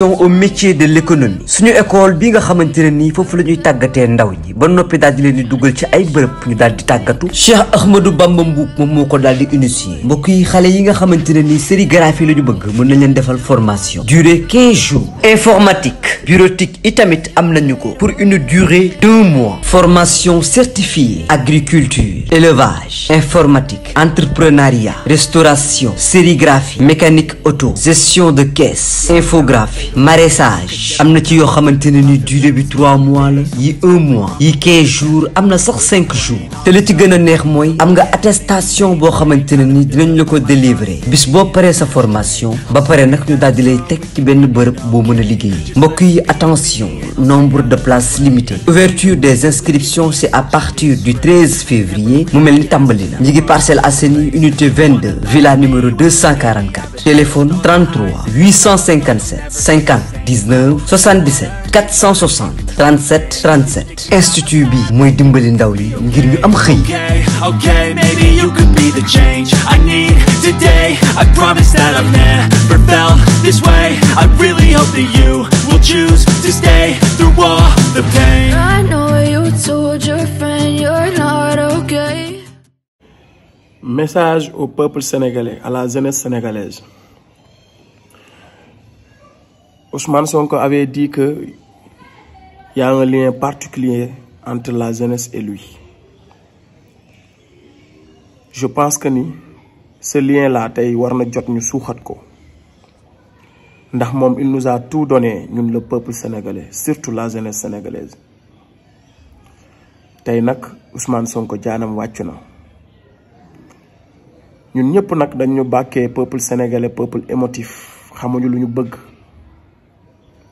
au métier de l'économie suñu école bi nga xamante ni fofu lañuy tagaté ndaw ñi ba nopi daal di leen di dugal ci ay bërëb ñu daal di tàggatu Cheikh Ahmadou Bamba Mboup moom moo ko di initier mbokk yi xale yi nga xamante ni sérigraphie lañu bëgg mën nañ leen défal formation durée 15 jours informatique bureautique itamit am nañu ko pour une durée 2 mois formation certifiée agriculture élevage informatique entrepreneuriat restauration sérigraphie mécanique auto gestion de caisse infographie maraîchage Il y ci yo xamanteni ni durée bi 3 mois la yi 1 mois yi 15 jours amna sax 5 jours te li ci gëna neex moy am nga attestation bo xamanteni ni dinañ la ko délivrer bis bo paré sa formation ba paré nak ñu dal di lay tek ci benn bërr boo mëna liggéey mbokk yi attention nombre de places limité ouverture des inscriptions c'est à partir du 13 février mu mel ni tàmbali na ñu parcelle à unité 22 villa numéro 244 téléphone 33 857 19 77 460 37 37 institut bi mooy dimbali ndaw li ngir ñu am xëy. Okay, maybe you could be the change I need today. I promise that I've never felt this way. I really hope that you will choose to stay through all the pain. I know you told your friend you're not okay. Message au peuple sénégalais, à la jeunesse sénégalaise. Ousmane Sonko avait dit qu'il y a un lien particulier entre la jeunesse et lui. Je pense que ni ce lien-là, tay warna jot ñu suxat ko ndax il nous a tout donné ñun le peuple sénégalais surtout la jeunesse sénégalaise Tay Ousmane Sonko jaanam wàccu na ñun nous sommes dañu bàkkee peuple sénégalais peuple émotif ce lu ñu bëgg.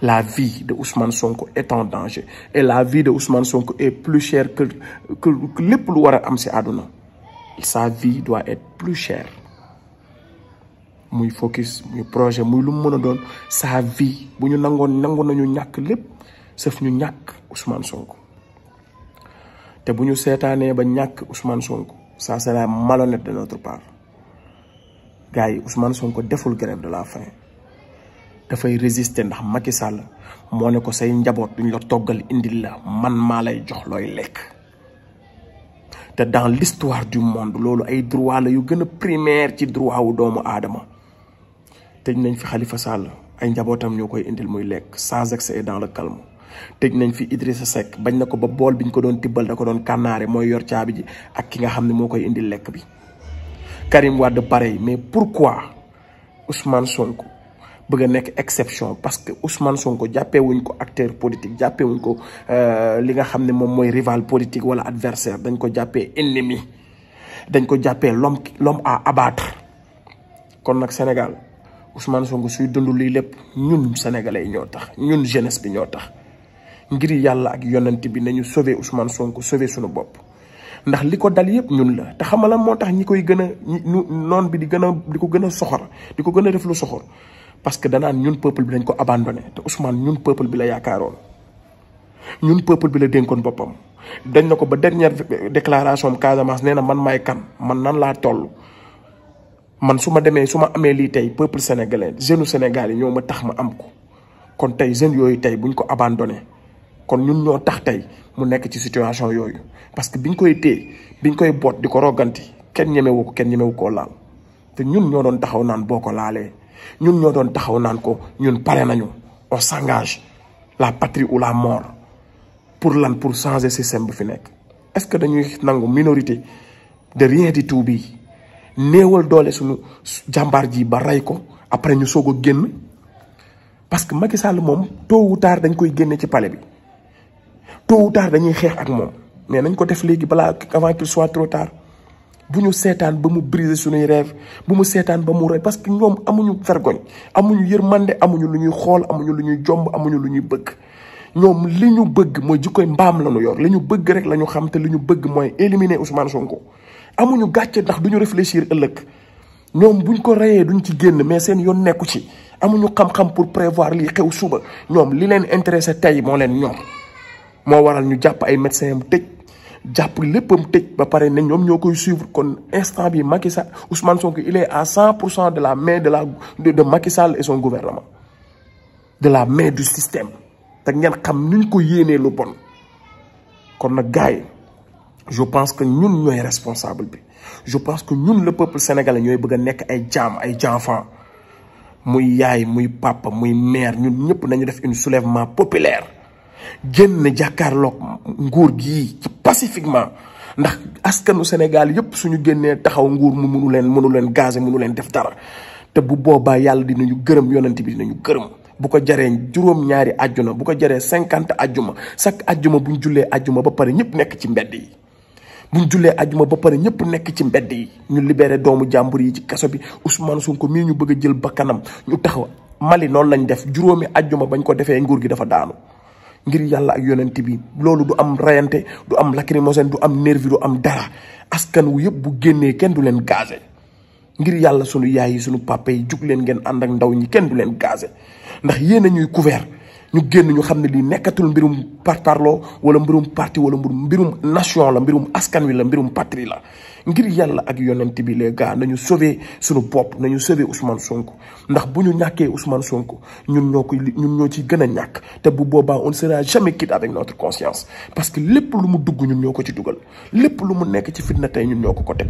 la vie de Ousmane Sonko est en danger et la vie de Ousmane Sonko est plus chère que que lépp lu war sa vie doit être plus chère muy focus muy projet muy lu mu mën sa vie Si ñu nangoon nangu nañu ñàkk lépp nous ñu ñàkk Ousmane Sonko te bu ñu seetaanee ba ñàkk Ousmane Sonko ça serait malhonnête de notre part gars Ousmane Sonko deful grève de la faim. dafay résister ndax Macky sàll moo ne ko say njaboot duñ la toggal indil la man maa lay jox looy lekk te dans l'histoire du monde loolu ay droit la yu gën a primaire ci droit wu doomu aadama tëj nañ fi Khalifa Sall ay njabootam ñoo koy indil muy lekk sans excès dans le calme tëj nañ fi sa Seck bañ na ko ba bool bi biñ ko doon tibbal da ko doon kànnaare mooy yor caabi ji ak ki nga xam ne moo koy indil lekk bi Karim Wade pareil mais pourquoi Ousmane Sonko bëgg nekk exception parce que Ousmane Sonko jàppee wuñ ko acteur politique jàppee wuñ ko euh, li nga xam ne moom mooy rival politique wala adversaire dañ ko jàppee ennemi dañ ko jàppee l'homme l'homme à abattre kon nag Sénégal Ousmane Sonko suy dund lii lépp ñun sénégalais ñoo tax ñun jeunesse bi ñoo tax ngir yàlla ak yonent bi nañu sauver Ousmane Sonko sauver suñu bopp ndax li ko dal yëpp ñun la te xamala moo tax ñi koy gën a ñi noon bi di gën a di ko gën a soxor di ko gën a def lu soxor parce que danaan ñun peuple bi dañ ko abandonné te Ousmane ñun peuple bi la yaakaaroon ñun peuple bi la dénkoon boppam dañ na ko ba dernière déclaration Casamance nee na man maay kan man nan laa toll man su ma demee su ma amee lii tey peuple sénégalais jeunes Sénégal yi ñoo ma tax ma am ko kon tey jeunes yooyu tey buñ ko abandonné kon ñun ñoo tax tey mu nekk ci situation yooyu parce que biñ koy téye biñ koy boot di ko roganti kenn ñemewu ko kenn ñemewu koo laal te ñun ñoo doon taxaw naan boo ko laalee ñun ñoo doon taxaw naan ko ñun pare nañu au sangage la patrie ou la mort pour lan pour changer système bu fi nekk. est-ce que dañuy nangu minorité de rien du tout bii néewal doole suñu jàmbaar ji ba rey ko après ñu soog a génn parce que Macky Sall moom tôt ou tard dañ koy génne ci pale bi tôt ou tard dañuy xeex ak moom mais nañ ko def léegi balaa avant qu'il soit trop tard. bu ñu seetaan ba mu briser suñuy rêve bu mu seetaan ba mu rey parce que ñoom amuñu vergogne amuñu yërmande amuñu lu ñuy xool amuñu lu ñuy jomb amuñu lu ñuy bëgg ñoom li ñu bëgg mooy jikkoy mbaam la yoon yor li ñu bëgg rek la ñu xam te li ñu bëgg mooy éliminer Ousmane Sonko amuñu gàcce ndax du ñu réfléchir ëllëg ñoom buñ ko reyee duñ ci génn mais seen yoon nekku ci amuñu xam-xam pour prévoir lii xew suba ñoom li leen intéressé tey moo leen ñoom moo waral ñu jàpp ay médecins am tëj jàpp léppam tëj ba pare ne ñoom suivre kon instant bi Macky Sall Ousmane Sonko il est à 100% de la main de la de Macky Sall et son gouvernement de la main du système tak ñen xam nuñ ko yéné lu bon kon nag gars je pense que ñun ñoy responsable bi je pense que ñun le peuple sénégalais ñoy bëgg nek ay jaam ay jaamfan muy yaay muy papa muy mère ñun ñëpp nañu def une soulèvement populaire génn jàkkaarloog nguur gi ci pacifiquement ndax askanu Sénégal yëpp suñu génnee taxaw nguur mu mënu leen mënu leen gazé mënu leen def dara te bu boobaa yàlla dinañu gërëm yonent bi dinañu gërëm bu ko jaree juróom-ñaari ajjuma bu ko jaree cinquante ajjuma chaque ajjuma buñ jullee ajjuma ba pare ñëpp nekk ci mbedd yi buñ jullee ajjuma ba pare ñëpp nekk ci mbedd yi ñu libéré doomu jàmbur yi ci kaso bi Ousmane Sonko mii ñu bëgg a jël bakkanam ñu taxaw Mali noonu lañ def juróomi ajjuma bañ ko defee nguur gi dafa daanu ngir yàlla ak yonent bi loolu du am rayante du am lacrymogène du am nervi du am dara askan wu yëpp bu génnee kenn du leen gazé ngir yàlla sunu yaay yi sunu papa yi jug leen ngeen ànd ak ndaw ñi kenn du leen gazé ndax yéen a ñuy couvert ñu génn ñu xam ne lii nekkatul mbirum parparloo wala mbirum parti wala mbirum nation la mbirum askan wi la mbirum patrie la ngir yàlla ak yonent bi les gars nañu sauver suñu bopp nañu sauver Ousmane Sonko ndax bu ñu ñàkkee Ousmane Sonko ñun ñoo koy ñun ñoo ciy gën a ñàkk te bu boobaa on sera jamais quitte avec notre conscience parce que lépp lu mu dugg ñun ñoo ko ci dugal lépp lu mu nekk ci fitna tey ñun ñoo ko ko teg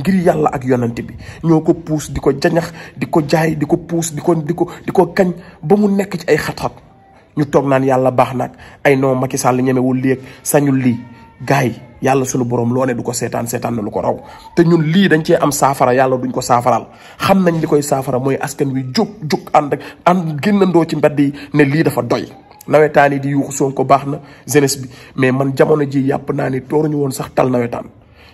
ngir yàlla ak yonante bi ñoo ko puus di ko jañax di ko jaay di ko puus di ko di ko di ko kañ ba mu nekk ci ay xat-xat ñu toog naan yàlla baax nag ay non Macky Sall ñemewul léeg sañu lii gars yi yàlla sunu borom loo ne du ko seetaan seetaan na lu ko raw te ñun lii dañ cee am saafara yàlla duñ ko saafaral xam nañ li koy saafara mooy askan wi jóg jóg ànd ak ànd génnandoo ci mbedd yi ne lii dafa doy. nawetaan yi di yuuxu Sonko baax na jeunesse bi mais man jamono ji yàpp naa ne tooruñu woon sax tal nawetaan.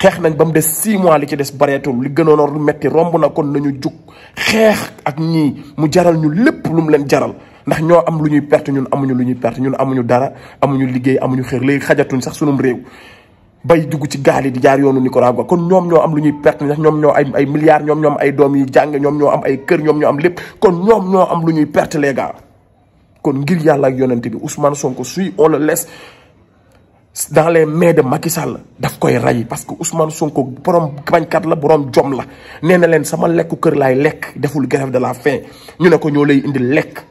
xeex nañ ba mu des six mois li ci des bareetul li gënoon lu metti romb na kon nañu jug xeex ak ñii mu jaral ñu lépp lu mu leen jaral ndax ñoo am lu ñuy perte ñun amuñu lu ñuy perte ñun amuñu dara amuñu liggéey amuñu xër léegi xajatuñ sax sunum réew bay dugg ci gaal yi di jaar yoonu Nicaragua kon ñoom ñoo am lu ñuy perte ndax ñoom ñoo ay ay milliards ñoom ñoo ay doom yi jànge ñoom ñoo am ay kër ñoom ñoo am lépp kon ñoom ñoo am lu ñuy perte les kon ngir yàlla ak yonent bi Ousmane Sonko suy on le laisse dans les mains de Macky Sall daf koy ray parce que Ousmane Sonko borom bañkat la borom jom la nee len sama lekku keur lay lek deful grève de la faim ñu ne ko ñoo lay indi lek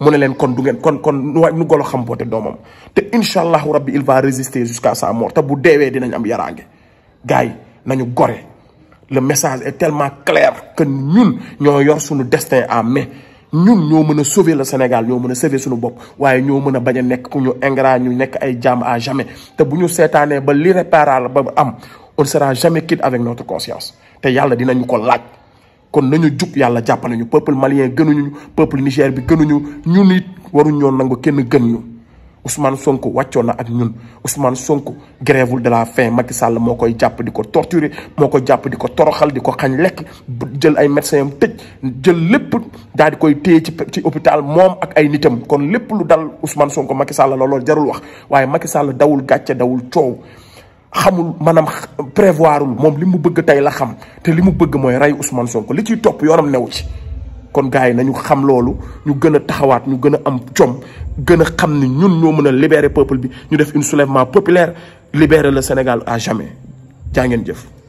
mu len kon du ngeen kon kon nu golo xam boote doomam te inshallah allahu rabbi il va résister jusqu'à sa mort ta bu déwé dinañ am yarangé gars nañu goré le message est tellement clair que ñun ñoo yor suñu destin en main ñun ñoo mën a sauver le Sénégal ñoo mën a sauver suñu bopp waaye ñoo mën a bañ a nekk ku ñu ingrat ñu nekk ay jàmm à jamais te bu ñu seetaanee ba l'irréparable ba am on sera jamais quitte avec notre conscience te yàlla dinañu ko laaj kon nañu jug yàlla jàppale ñu peuple malien gënuñu peuple Niger bi gënuñu ñun it waruñu ñoo nangu kenn gënuñu Ousmane Sonko wàccoon na ak ñun Ousmane Sonko grève de dalaa fin Macky Sall moo koy jàpp di ko torturer moo ko jàpp di ko toroxal di ko xañ lekk jël ay médecins yam tëj jël lépp daal koy téye ci ci hôpital moom ak ay nitam kon lépp lu dal Ousmane Sonko Macky Sall looloo jarul wax waaye Macky Sall dawul gàcce dawul coow. xamul maanaam prévoirul moom li mu bëgg tey la xam te li mu bëgg mooy rey Ousmane Sonko li ciy topp yoonam newu ci. kon gars yi nañu xam loolu ñu gën a taxawaat ñu gën a am jom gën a xam ni ñun ñoo mën a libérer peuple bi ñu def une soulèvement populaire libérer le Sénégal à jamais jaa ngeen jëf.